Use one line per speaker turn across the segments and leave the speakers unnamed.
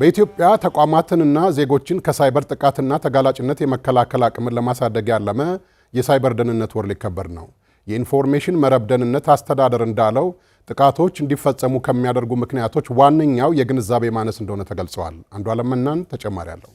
በኢትዮጵያ ተቋማትንና ዜጎችን ከሳይበር ጥቃትና ተጋላጭነት የመከላከል አቅምን ለማሳደግ ያለመ የሳይበር ደህንነት ወር ሊከበር ነው። የኢንፎርሜሽን መረብ ደህንነት አስተዳደር እንዳለው ጥቃቶች እንዲፈጸሙ ከሚያደርጉ ምክንያቶች ዋነኛው የግንዛቤ ማነስ እንደሆነ ተገልጸዋል። አንዷለም እናን ተጨማሪ አለው።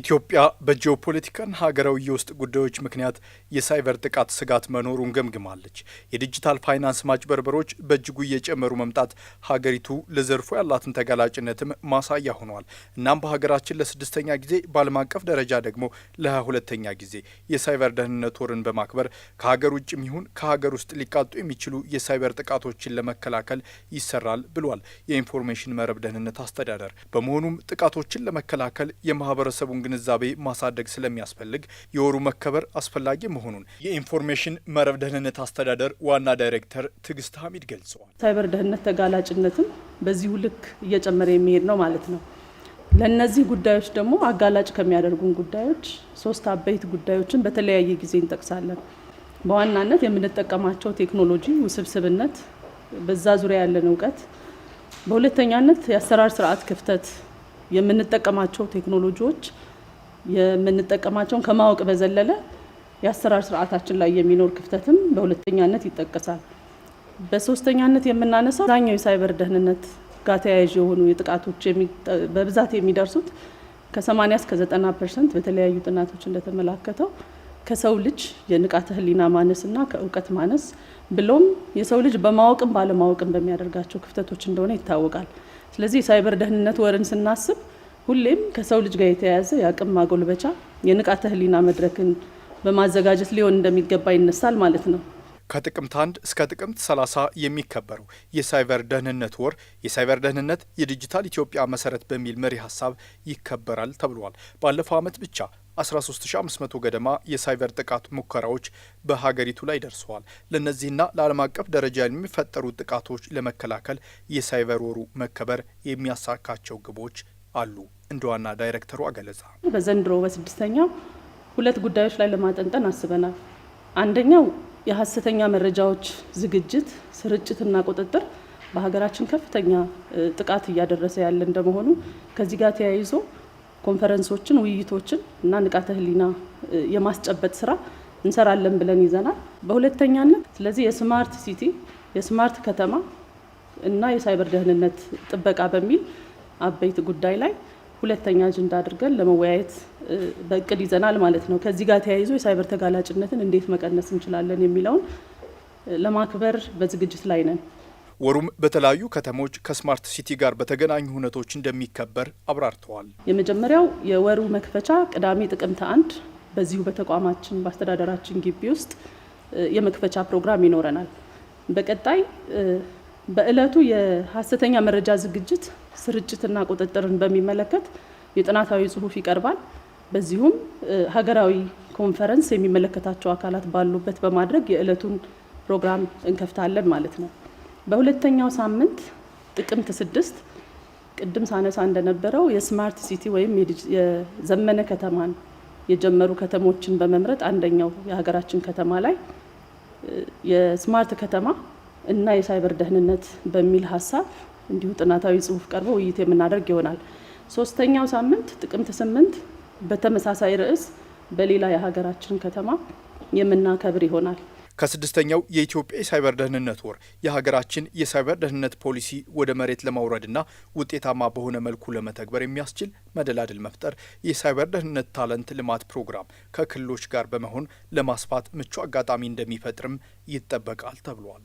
ኢትዮጵያ በጂኦፖለቲካና ሀገራዊ የውስጥ ጉዳዮች ምክንያት የሳይበር ጥቃት ስጋት መኖሩን ገምግማለች። የዲጂታል ፋይናንስ ማጭበርበሮች በእጅጉ እየጨመሩ መምጣት ሀገሪቱ ለዘርፎ ያላትን ተጋላጭነትም ማሳያ ሆኗል። እናም በሀገራችን ለስድስተኛ ጊዜ በዓለም አቀፍ ደረጃ ደግሞ ለሁለተኛ ሁለተኛ ጊዜ የሳይበር ደህንነት ወርን በማክበር ከሀገር ውጭም ይሁን ከሀገር ውስጥ ሊቃጡ የሚችሉ የሳይበር ጥቃቶችን ለመከላከል ይሰራል ብሏል የኢንፎርሜሽን መረብ ደህንነት አስተዳደር። በመሆኑም ጥቃቶችን ለመከላከል የማህበረሰቡን ግንዛቤ ማሳደግ ስለሚያስፈልግ የወሩ መከበር አስፈላጊ መሆኑን የኢንፎርሜሽን መረብ ደህንነት አስተዳደር ዋና ዳይሬክተር ትዕግስት ሀሚድ ገልጸዋል።
ሳይበር ደህንነት ተጋላጭነትም በዚሁ ልክ እየጨመረ የሚሄድ ነው ማለት ነው። ለእነዚህ ጉዳዮች ደግሞ አጋላጭ ከሚያደርጉን ጉዳዮች ሶስት አበይት ጉዳዮችን በተለያየ ጊዜ እንጠቅሳለን። በዋናነት የምንጠቀማቸው ቴክኖሎጂ ውስብስብነት፣ በዛ ዙሪያ ያለን እውቀት፣ በሁለተኛነት የአሰራር ስርዓት ክፍተት፣ የምንጠቀማቸው ቴክኖሎጂዎች የምንጠቀማቸውን ከማወቅ በዘለለ የአሰራር ስርዓታችን ላይ የሚኖር ክፍተትም በሁለተኛነት ይጠቀሳል። በሶስተኛነት የምናነሳው ዛኛው የሳይበር ደህንነት ጋር ተያያዥ የሆኑ የጥቃቶች በብዛት የሚደርሱት ከ80 እስከ 90 ፐርሰንት በተለያዩ ጥናቶች እንደተመላከተው ከሰው ልጅ የንቃተ ህሊና ማነስና ከእውቀት ማነስ ብሎም የሰው ልጅ በማወቅም ባለማወቅም በሚያደርጋቸው ክፍተቶች እንደሆነ ይታወቃል። ስለዚህ የሳይበር ደህንነት ወርን ስናስብ ሁሌም ከሰው ልጅ ጋር የተያያዘ የአቅም ማጎልበቻ የንቃተ ህሊና መድረክን በማዘጋጀት ሊሆን እንደሚገባ ይነሳል ማለት ነው።
ከጥቅምት አንድ እስከ ጥቅምት 30 የሚከበረው የሳይበር ደህንነት ወር የሳይበር ደህንነት የዲጂታል ኢትዮጵያ መሰረት በሚል መሪ ሀሳብ ይከበራል ተብሏል። ባለፈው ዓመት ብቻ 13500 ገደማ የሳይበር ጥቃት ሙከራዎች በሀገሪቱ ላይ ደርሰዋል። ለእነዚህና ለዓለም አቀፍ ደረጃ የሚፈጠሩ ጥቃቶች ለመከላከል የሳይበር ወሩ መከበር የሚያሳካቸው ግቦች አሉ። እንደ ዋና ዳይሬክተሯ ገለጻ
በዘንድሮ በስድስተኛው ሁለት ጉዳዮች ላይ ለማጠንጠን አስበናል። አንደኛው የሀሰተኛ መረጃዎች ዝግጅት፣ ስርጭትና ቁጥጥር በሀገራችን ከፍተኛ ጥቃት እያደረሰ ያለ እንደመሆኑ ከዚህ ጋር ተያይዞ ኮንፈረንሶችን፣ ውይይቶችን እና ንቃተ ህሊና የማስጨበጥ ስራ እንሰራለን ብለን ይዘናል። በሁለተኛነት ስለዚህ የስማርት ሲቲ የስማርት ከተማ እና የሳይበር ደህንነት ጥበቃ በሚል አበይት ጉዳይ ላይ ሁለተኛ አጀንዳ አድርገን ለመወያየት በእቅድ ይዘናል ማለት ነው። ከዚህ ጋር ተያይዞ የሳይበር ተጋላጭነትን እንዴት መቀነስ እንችላለን የሚለውን ለማክበር በዝግጅት ላይ ነን።
ወሩም በተለያዩ ከተሞች ከስማርት ሲቲ ጋር በተገናኙ ሁነቶች እንደሚከበር አብራርተዋል።
የመጀመሪያው የወሩ መክፈቻ ቅዳሜ ጥቅምት አንድ በዚሁ በተቋማችን በአስተዳደራችን ግቢ ውስጥ የመክፈቻ ፕሮግራም ይኖረናል። በቀጣይ በእለቱ የሀሰተኛ መረጃ ዝግጅት ስርጭትና ቁጥጥርን በሚመለከት የጥናታዊ ጽሁፍ ይቀርባል። በዚሁም ሀገራዊ ኮንፈረንስ የሚመለከታቸው አካላት ባሉበት በማድረግ የእለቱን ፕሮግራም እንከፍታለን ማለት ነው። በሁለተኛው ሳምንት ጥቅምት ስድስት ቅድም ሳነሳ እንደነበረው የስማርት ሲቲ ወይም የዘመነ ከተማን የጀመሩ ከተሞችን በመምረጥ አንደኛው የሀገራችን ከተማ ላይ የስማርት ከተማ እና የሳይበር ደህንነት በሚል ሀሳብ እንዲሁ ጥናታዊ ጽሁፍ ቀርቦ ውይይት የምናደርግ ይሆናል። ሶስተኛው ሳምንት ጥቅምት ስምንት በተመሳሳይ ርዕስ በሌላ የሀገራችን ከተማ የምናከብር ይሆናል።
ከስድስተኛው የኢትዮጵያ የሳይበር ደህንነት ወር የሀገራችን የሳይበር ደህንነት ፖሊሲ ወደ መሬት ለማውረድና ውጤታማ በሆነ መልኩ ለመተግበር የሚያስችል መደላድል መፍጠር የሳይበር ደህንነት ታለንት ልማት ፕሮግራም ከክልሎች ጋር በመሆን ለማስፋት ምቹ አጋጣሚ እንደሚፈጥርም ይጠበቃል ተብሏል።